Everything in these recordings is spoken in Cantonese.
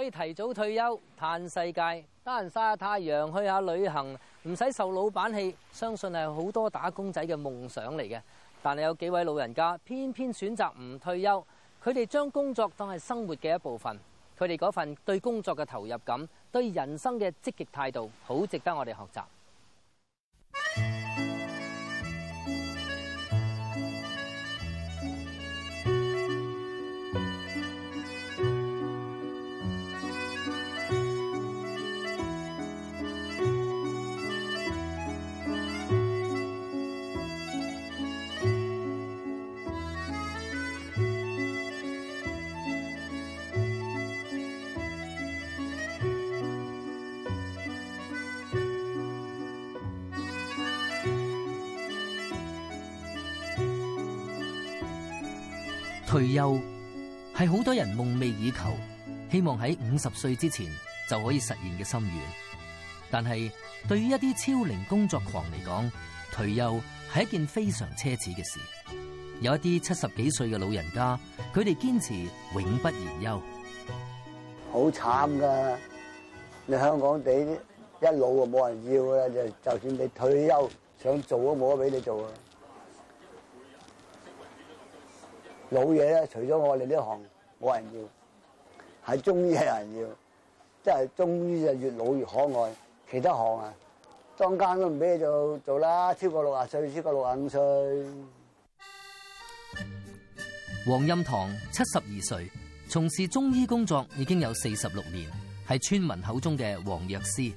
可以提早退休，嘆世界，得閒晒下太陽，去下旅行，唔使受老闆氣，相信係好多打工仔嘅夢想嚟嘅。但係有幾位老人家偏偏選擇唔退休，佢哋將工作當係生活嘅一部分，佢哋份對工作嘅投入感，對人生嘅積極態度，好值得我哋學習。係好多人夢寐以求，希望喺五十歲之前就可以實現嘅心願。但係對於一啲超齡工作狂嚟講，退休係一件非常奢侈嘅事。有一啲七十幾歲嘅老人家，佢哋堅持永不言休。好慘噶！你香港地一老就冇人要啦，就就算你退休想做都冇得俾你做啊！老嘢咧，除咗我哋呢行。冇人要，係中醫係人要，即係中醫就越老越可愛。其他行啊，當間，都唔俾你做做啦，超過六啊歲，超過六啊五歲。黃蔭堂七十二歲，從事中醫工作已經有四十六年，係村民口中嘅黃藥師。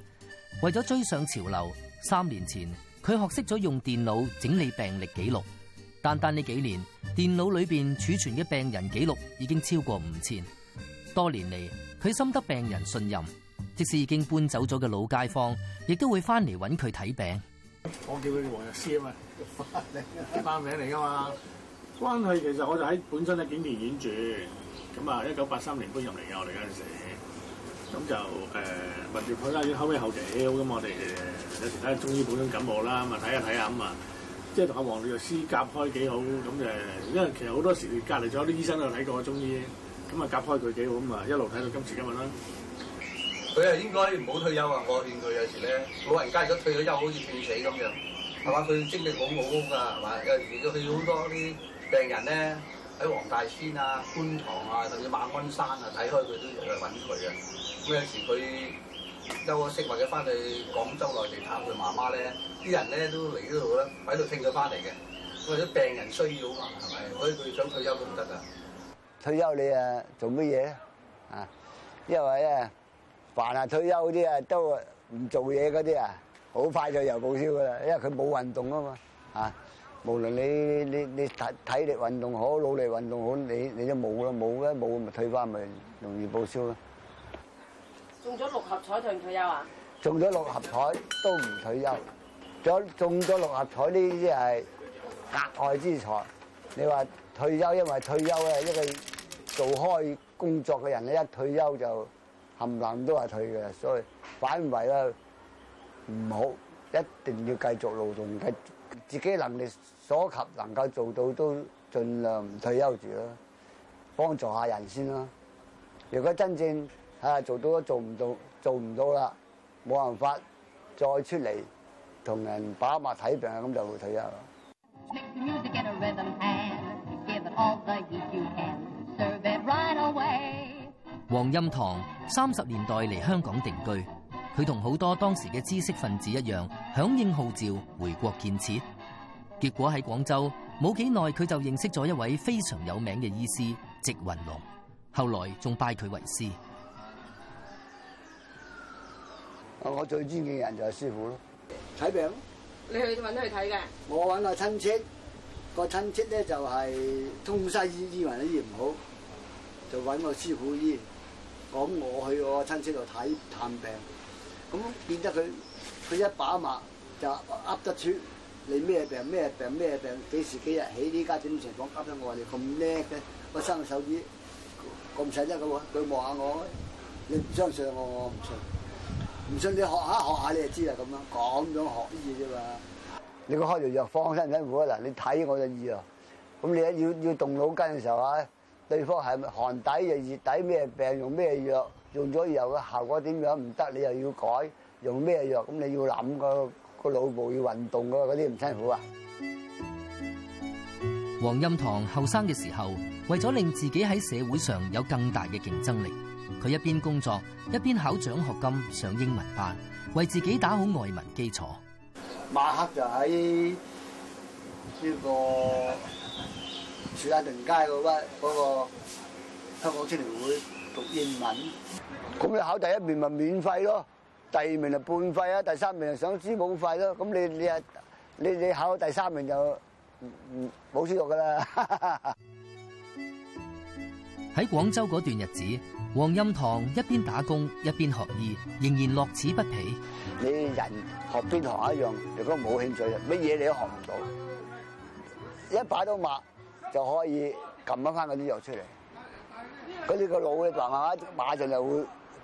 為咗追上潮流，三年前佢學識咗用電腦整理病歷記錄。單單呢幾年。電腦裏邊儲存嘅病人記錄已經超過五千。多年嚟，佢深得病人信任，即使已經搬走咗嘅老街坊，亦都會翻嚟揾佢睇病。我叫佢黃藥師啊嘛，班名嚟噶嘛。關係其實我就喺本身喺景田院住，咁啊一九八三年搬入嚟嘅我哋嗰陣時，咁就誒物業派啦。院後尾後期咁，我哋有時睇下中醫本身感冒啦，咁啊睇下睇下咁啊。看即係同阿黃律師夾開幾好咁誒，因為其實好多時隔離仲有啲醫生都睇過我中醫，咁啊夾開佢幾好，咁啊一路睇到今時今日啦。佢係應該唔好退休啊！我勸佢有時咧，老人家如果退咗休好似斷死咁樣，係嘛？佢精力好冇好㗎？係嘛？有時佢去好多啲病人咧喺黃大仙啊、觀塘啊，甚至馬鞍山啊睇開佢都入去揾佢啊。咁有時佢。休息或者翻去廣州內地探佢媽媽咧，啲人咧都嚟呢度啦，喺度聽佢翻嚟嘅，因為啲病人需要啊，係咪？所以佢想退休都唔得噶。退休你啊做乜嘢啊？因為咧凡係退休嗰啲啊，都唔做嘢嗰啲啊，好快就又報銷噶啦，因為佢冇運動啊嘛。啊，無論你你你體體力運動好，努力運動好，你你都冇啦，冇咧冇咪退翻咪容易報銷啦。中咗六合彩退唔退休啊？中咗六合彩都唔退休，咗中咗六合彩呢啲係額外之財。你話退休，因為退休咧，一個做開工作嘅人咧，一退休就冚唪唥都係退嘅，所以反為啦唔好，一定要繼續勞動，繼自己能力所及能夠做到都盡量唔退休住啦，幫助下人先啦。如果真正，啊！做到都做唔到，做唔到啦，冇辦法再出嚟同人把脈睇病啊，咁就退休啦。黃蔭堂三十年代嚟香港定居，佢同好多當時嘅知識分子一樣，響應號召回國建設。結果喺廣州冇幾耐，佢就認識咗一位非常有名嘅醫師席雲龍，後來仲拜佢為師。我最尊敬的人就係師傅咯，睇病，你去搵佢睇嘅。我搵我親戚，個親戚咧就係中西醫醫完都醫唔好，就搵我師傅醫。咁我去我親戚度睇探病，咁變得佢佢一把脈就呃得出你咩病咩病咩病，幾時幾日起？呢家點情況？急得我話你咁叻嘅，我生個手指，咁使得個喎。佢望下我，你唔相信我，我唔信我。唔信你學下學下你就知啦，咁樣咁樣學啲嘢啫嘛。你個開藥藥方辛唔辛苦啊？嗱，你睇我就醫啊。咁你一要要動腦筋嘅時候啊，對方係咪寒底定熱底咩病用咩藥？用咗以後嘅效果點樣？唔得你又要改用咩藥？咁你要諗個個腦部要運動噶，嗰啲唔辛苦啊。黃蔭堂後生嘅時候，為咗令自己喺社會上有更大嘅競爭力。佢一邊工作一邊考獎學金，上英文班，為自己打好外文基礎。晚黑就喺呢、這個士丹頓街嗰屈、那個香港青年會讀英文。咁你考第一名咪免費咯，第二名就半費啊，第三名就想書冇費咯。咁你你啊，你你考第三名就冇書讀噶啦。 喺廣州嗰段日子，黃蔭堂一邊打工一邊學醫，仍然樂此不疲。你人學邊行一樣，如果冇興趣，乜嘢你都學唔到。一擺到脈就可以撳一翻嗰啲藥出嚟，嗰啲個腦嘅哇哇馬上就會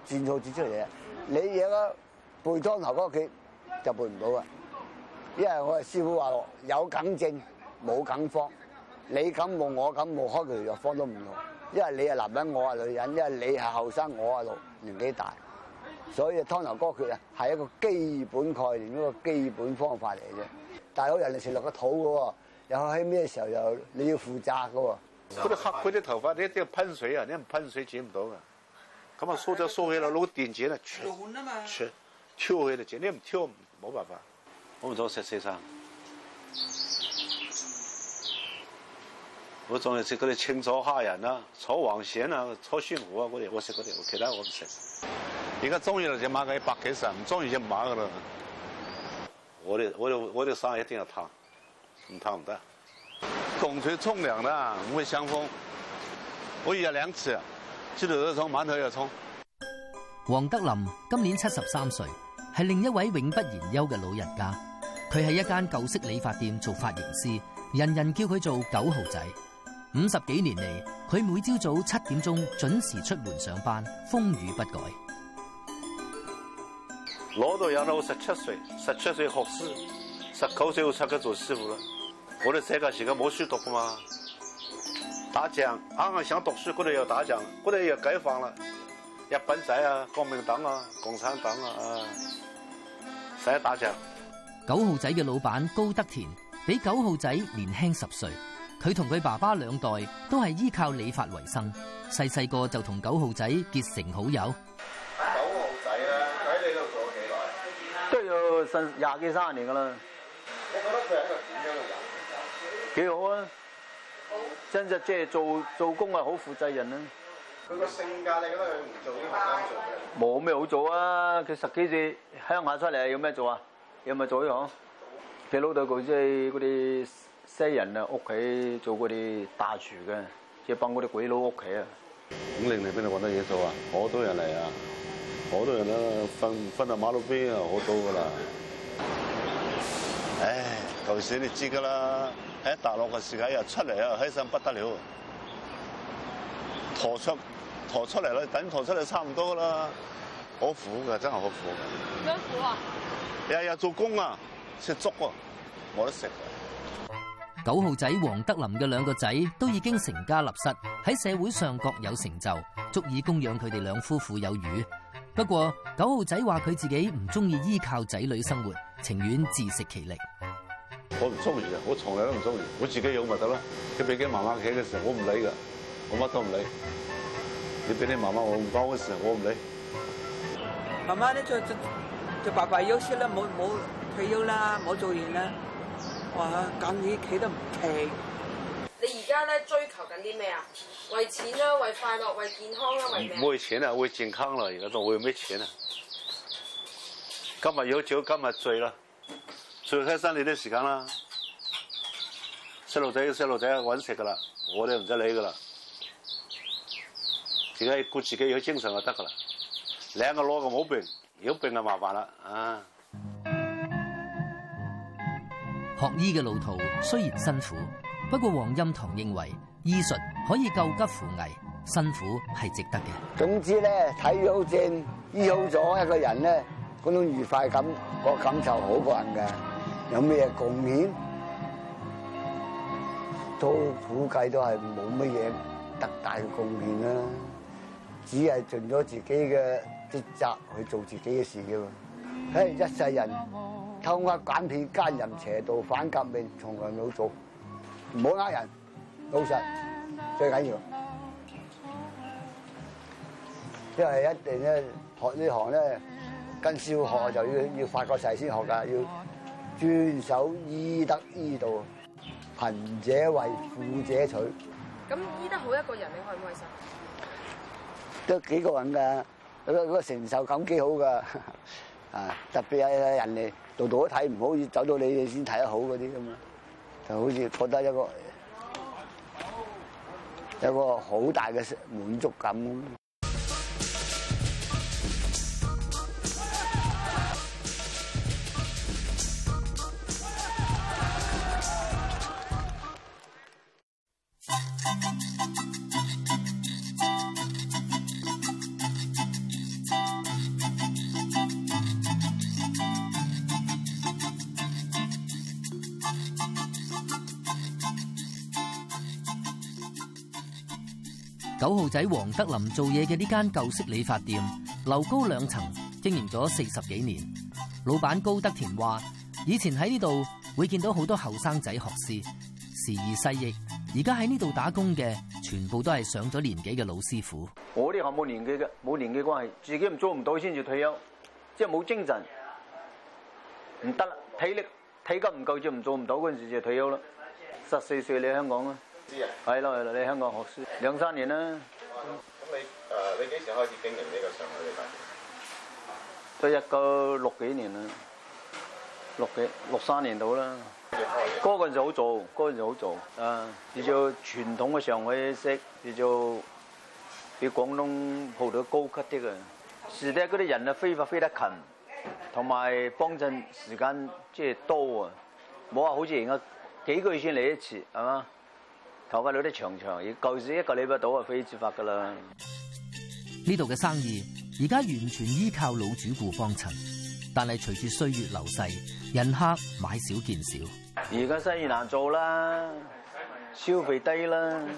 轉數轉出嚟啦。你嘢嗰背湯頭嗰個屋企就背唔到啊，因為我哋師傅話有梗症，冇梗科，你感冒我感冒開條藥方都唔同。因為你係男人，我係女人；因為你係後生，我係老，年紀大，所以湯頭歌訣啊，係一個基本概念，一個基本方法嚟嘅啫。大屋人哋食落個肚嘅喎，又喺咩時候又你要負責嘅喎。佢啲黑，佢啲頭髮，你一定要噴水啊！你唔噴水剪唔到噶。咁啊，梳就梳起啦，攞個電剪啊，切，超起嚟剪，你唔跳冇辦法。我唔做食食生。我中意食嗰啲清炒蝦仁啊，炒黃鱔啊，炒鮮芋啊，嗰啲我食嗰啲，我其他我唔食。而家中意就買個一百幾十，唔中意就買個咯。我哋我哋我哋生衫一定要燙，唔燙唔得。共水沖涼啦，唔會傷風。我熱兩次，啊，朝頭早沖，晚頭又沖。黃德林今年七十三歲，係另一位永不言休嘅老人家。佢喺一間舊式理髮店做髮型師，人人叫佢做九號仔。五十幾年嚟，佢每朝早七點鐘準時出門上班，風雨不改。老豆養到，我十七歲，十七歲學師，十九歲我出去做師傅啦。我哋細個時冇書讀噶嘛？打仗，啱啱想讀書，嗰度又打仗，嗰度又解放啦，日本仔啊，國民黨啊，共產黨啊，啊，成日打仗。九號仔嘅老闆高德田比九號仔年輕十歲。佢同佢爸爸兩代都係依靠理髮為生，細細個就同九號仔結成好友。九號仔呀，喺你度做咗幾耐？都要十廿幾三十年噶啦。我覺得佢係一個點樣嘅人？幾好啊！好真實即係做做工啊，好負責任啊。佢個性格你覺得佢唔做啲咩工做嘅？冇咩好做啊！佢十幾歲鄉下出嚟，有咩做啊？有咪做嘢、啊、嗬？佢老豆告即佢嗰啲。西人啊，屋企做嗰啲大廚嘅，即係幫嗰啲鬼佬屋企啊。五零你邊度揾得嘢做啊？好多人嚟啊，好多人啊，瞓瞓到馬路邊啊，好多噶啦。唉，頭先你知噶啦，喺大陸嘅時間又出嚟啊，喺上不得了。拖出拖出嚟啦，等拖出嚟差唔多啦。好苦噶，真係好苦的。咁苦啊！日日做工啊，食粥啊，我都食。九號仔黃德林嘅兩個仔都已經成家立室，喺社會上各有成就，足以供養佢哋兩夫婦有餘。不過九號仔話佢自己唔中意依靠仔女生活，情願自食其力。我唔中意啊！我從來都唔中意，我自己養咪得啦。佢俾佢媽媽企嘅時候，我唔理噶，我乜都唔理。你俾你媽媽我唔關我事，我唔理。媽媽，你就就就爸爸休息啦，冇冇退休啦，冇做完啦。哇！咁你企得唔企？你而家咧追求緊啲咩啊？為錢啦，為快樂，為健康啦、啊，為咩啊？唔為錢啊，為健康而家咯，仲會咩錢啊？今日有酒，今日醉啦，最開心你啲時間啦、啊。細路仔，細路仔揾食噶啦，我哋唔使理噶啦。自己顧自己有精神就得噶啦。兩個攞個冇病，有病就麻煩啦啊！學醫嘅路途雖然辛苦，不過黃蔭堂認為醫術可以救急扶危，辛苦係值得嘅。總之咧，睇好症，醫好咗一個人咧，嗰種愉快感，嗰個感受好過人嘅。有咩貢獻？都估計都係冇乜嘢特大嘅貢獻啦，只係盡咗自己嘅職責去做自己嘅事嘅。唉、嗯，一世人。偷呃拐騙奸淫邪道反革命從來冇做，唔好呃人，老實最緊要，因為一定咧學呢行咧，跟少學就要要發個誓先學㗎，要遵守醫德醫道，貧者為富者取。咁醫得好一個人，你開唔開心？都幾過癮㗎，嗰嗰個承受感幾好㗎，啊，特別係人哋。度度都睇唔好，要走到你哋先睇得好嗰啲咁樣，就好似覺得一個有個好大嘅滿足感咁。九號仔黃德林做嘢嘅呢間舊式理髮店，樓高兩層，經營咗四十幾年。老闆高德田話：以前喺呢度會見到好多後生仔學師，時移世易。而家喺呢度打工嘅，全部都係上咗年紀嘅老師傅。我啲行冇年紀嘅，冇年紀關係，自己唔做唔到，先至退休，即係冇精神，唔得啦，體力體格唔夠，就唔做唔到嗰陣時就退休啦。十四歲嚟香港啊！係咯、係喇，你香港學書兩三年啦。咁你誒，你幾時開始經營呢個上海嘅店？都一個六幾年啦，六幾六三年度啦。嗰陣就好做，嗰陣就好做。誒、啊，叫做傳統嘅上海式，叫做比廣東鋪頭高級啲嘅。時非非時是咧，嗰啲人啊，飛法飛得勤，同埋幫襯時間即係多啊。冇話好似而家幾個月先嚟一次，係嘛？頭髮攞得長長，舊時一個禮拜到啊，飛次髮㗎啦。呢度嘅生意而家完全依靠老主顧幫襯，但係隨住歲月流逝，人客買少見少。而家生意難做啦，消費低啦，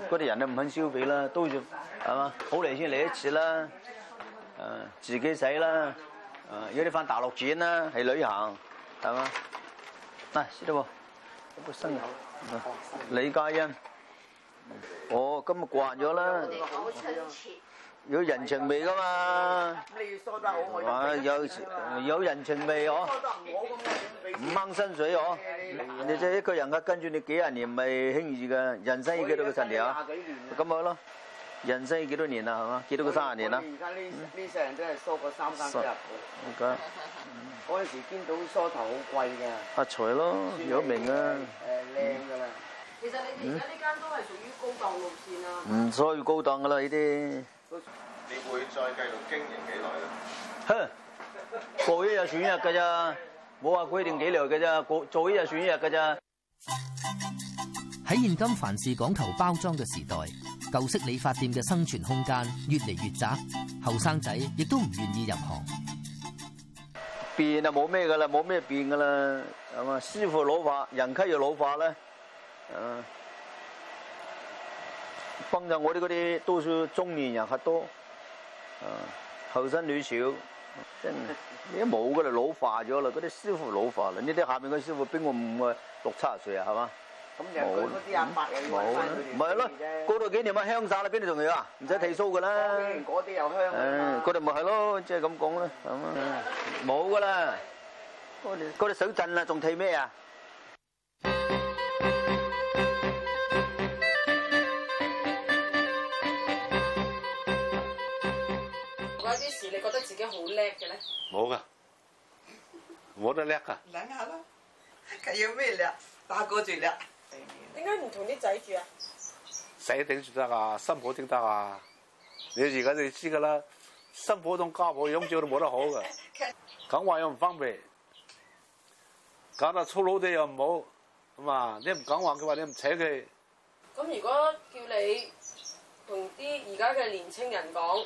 嗰啲人都唔肯消費啦，都要係嘛，好嚟先嚟一次啦，誒自己使啦，如果你翻大陸展啦，係旅行係嘛，嚟知道喎。李嘉欣。哦，今日慣咗啦，有人情味噶嘛，啊有有有人情味哦，唔掹薪水哦，你即係一個人家跟住你幾廿年唔係輕易嘅，人生要幾多個十年啊？咁咪咯，人生要幾多年啊？係嘛？幾多個三十年啊？嗰陣時見到梳頭好貴㗎，發財咯，有名啊，誒靚㗎啦～其實你哋而家呢間都係屬於高檔路線啦。唔屬於高檔噶啦呢啲。你會再繼續經營幾耐咧？哼，做一日算一日噶咋，冇話規定幾耐噶咋，嗯、做一日算一日噶咋。喺現今凡事講求包裝嘅時代，舊式理髮店嘅生存空間越嚟越窄，後生仔亦都唔願意入行。變啊冇咩噶啦，冇咩變噶啦，係嘛？師傅老化，人家要老化咧。嗯，幫就我哋嗰啲多數中年人客多，啊，後生女少，真係，而家冇噶啦，老化咗啦，嗰啲師傅老化啦，呢啲下面嗰師傅比我唔係六七十歲啊，係嘛？咁又佢嗰啲阿伯又要翻佢哋，唔係咯，過到幾年咪香曬啦，邊度仲要啊？唔使剃須噶啦，嗰啲又香，嗰度咪係咯，即係咁講啦，咁啊，冇噶啦，嗰啲嗰啲手震啦，仲剃咩啊？嗰啲事你覺得自己好叻嘅咧？冇噶，冇得叻噶。諗下啦，係要咩叻？大個住叻。點解唔同啲仔住啊？仔頂住得啊，新抱頂得啊。你而家就知噶啦，新抱同家婆樣叫都冇得好嘅， 講話又唔方便，搞到粗魯啲又唔好，咁嘛？你唔講話，佢話你唔請佢。咁如果叫你同啲而家嘅年青人講？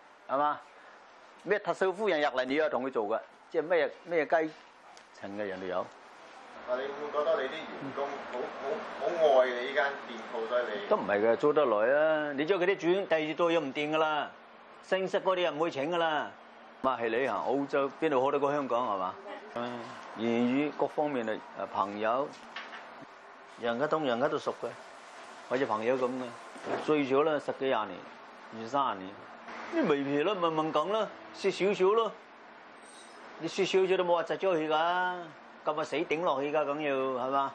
係嘛？咩特首夫人入嚟，你又同佢做嘅，即係咩咩雞請嘅人哋有。但你會唔覺得你啲員工好好好愛你依間店鋪？對你都唔係嘅，租得耐啊！你將佢啲轉第二度又唔掂㗎啦，升息嗰啲人唔會請㗎啦。唔係你啊，澳洲邊度好得過香港，係嘛？粵語各方面嘅誒朋友，人家同人家都熟嘅，好似朋友咁嘅，最早啦十幾廿年、二三十年。咪咪啦，慢慢講啦，蝕少少咯，你蝕少少都冇話窒咗去噶，咁咪死頂落去噶，梗要係嘛？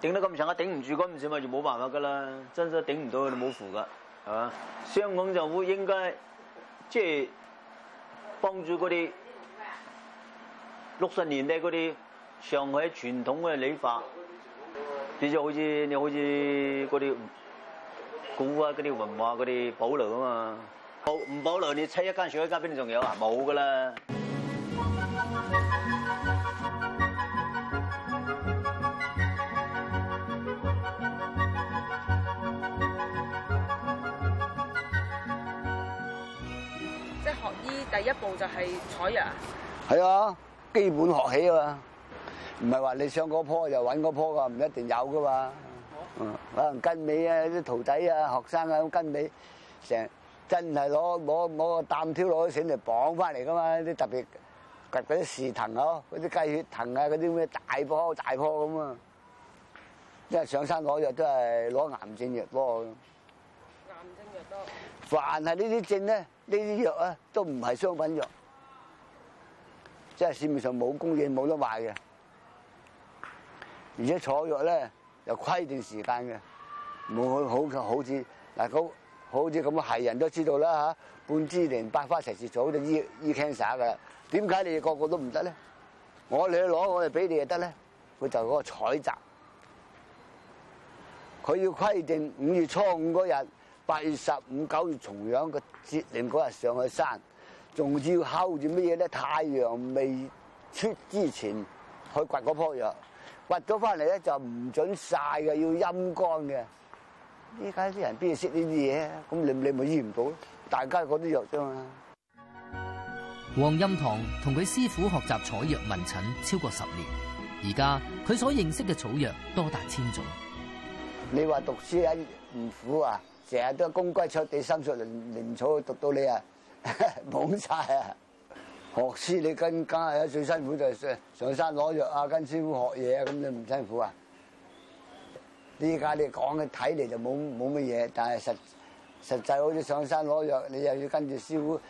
頂得咁上我頂唔住咁唔少咪就冇辦法噶啦，真真頂唔到佢你冇符噶，係嘛？香港就會應該即係幫住嗰啲六十年代嗰啲上海傳統嘅理髮，你就好似你好似啲古啊嗰啲文化嗰啲保留啊嘛。冇唔保留，你出一間少一間，邊度仲有啊？冇㗎啦！即係學醫第一步就係採藥，係啊，基本學起啊嘛，唔係話你上嗰坡就揾嗰坡㗎，唔一定有㗎嘛。嗯，可能跟尾啊，啲徒弟啊、學生啊咁跟尾成。真係攞攞攞個擔挑攞啲繩嚟綁翻嚟㗎嘛！啲特別掘嗰啲樹藤嗬，嗰啲雞血藤啊，嗰啲咩大棵大棵咁啊！即係上山攞藥都係攞癌，癌症藥多。癌症藥多。凡係呢啲症咧，呢啲藥咧都唔係商品藥，即係市面上冇供應、冇得賣嘅。而且坐藥咧又規定時間嘅，冇去好就好似嗱、那個好似咁嘅係人都知道啦吓，半枝蓮、白花蛇舌草都醫醫 cancer 噶啦。點解你哋個個都唔得咧？我哋攞，我哋俾你又得咧。佢就嗰個採集，佢要規定五月初五嗰日、八月十五、九月重陽個節令嗰日上去山，仲要睺住咩嘢咧？太陽未出之前去掘嗰樖藥，掘咗翻嚟咧就唔準晒嘅，要陰乾嘅。依家啲人邊度識呢啲嘢啊？咁你不你咪醫唔到咯！大家講啲藥啫嘛。黃蔭堂同佢師傅學習採藥問診超過十年，而家佢所認識嘅草藥多達千種。你話讀書啊唔苦啊？成日都公歸出地心術、三穗靈靈草，讀到你啊懵晒啊！學師你更加啊，最辛苦就係上山攞藥啊，跟師傅學嘢啊，咁，你唔辛苦啊？呢家你講嘅睇嚟就冇冇乜嘢，但係實實際好似上山攞藥，你又要跟住師傅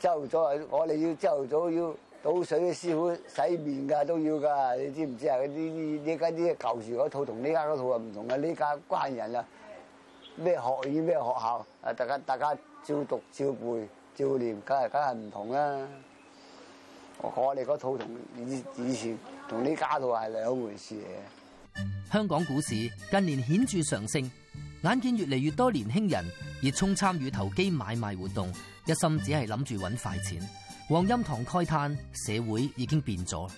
朝頭早，我哋要朝頭早要倒水，嘅師傅洗面噶都要噶，你知唔知啊？呢呢家啲舊時嗰套，套同呢家嗰套啊唔同噶，呢家關人啦，咩學院咩學校啊，大家大家照讀照背照念，梗係梗係唔同啦。我哋嗰套同以以前同呢家套係兩回事嘅。香港股市近年顯著上升，眼見越嚟越多年輕人熱衷參與投機買賣活動，一心只係諗住搵快錢。黃蔭堂慨嘆：社會已經變咗，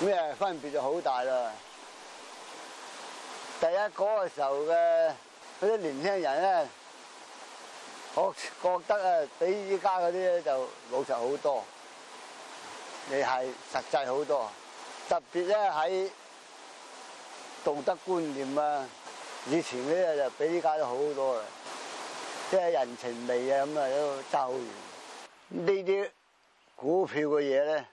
咩分別就好大啦。第一嗰個時候嘅嗰啲年輕人咧，我覺得啊，比依家嗰啲咧就老實好多，你係實際好多，特別咧喺，道德觀念啊，以前呢就比依家都好好多啦，即係人情味啊咁啊都爭好遠。呢啲股票嘅嘢咧，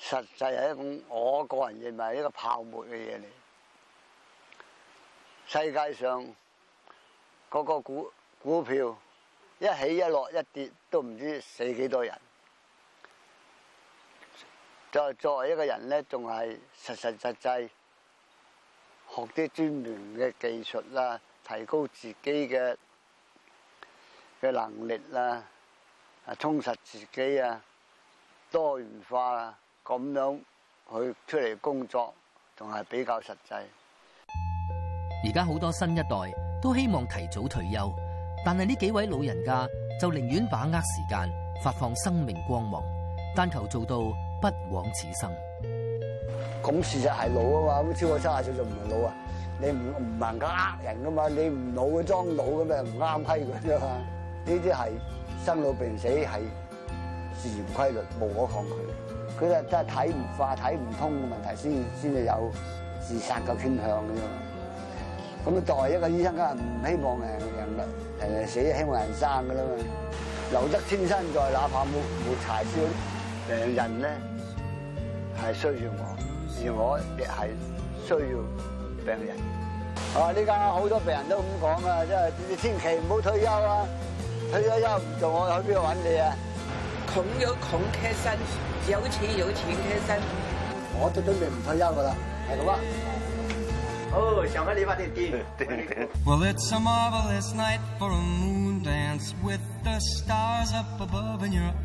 實際係一種我個人認為係一個泡沫嘅嘢嚟。世界上個個股股票一起一落一跌，都唔知道死幾多人。作作為一個人咧，仲係實實實際。學啲專門嘅技術啦，提高自己嘅嘅能力啦，啊充實自己啊，多元化啊，咁樣去出嚟工作，仲係比較實際。而家好多新一代都希望提早退休，但係呢幾位老人家就寧願把握時間，發放生命光芒，但求做到不枉此生。咁事實係老啊嘛，咁超過卅歲就唔係老啊，你唔唔能夠呃人噶嘛，你唔老嘅裝老咁啊，唔啱批佢啫嘛，呢啲係生老病死係自然規律，無可抗拒。佢就真係睇唔化、睇唔通嘅問題，先先至有自殺嘅傾向嘅啫。咁作為一個醫生，梗係唔希望誒人類誒死，希望人生嘅啦嘛。留得青山在，再哪怕冇冇，冇柴燒，誒人咧係需要我。我亦係需要病人。啊，呢家好多病人都咁講啊，即係你千祈唔好退休啊！退休休唔做，我喺邊度揾你啊？窮有窮開心，有錢有錢開心。我都準備唔退休噶啦，係咁啊，哦，想喝理髮店滴？對對對。 well,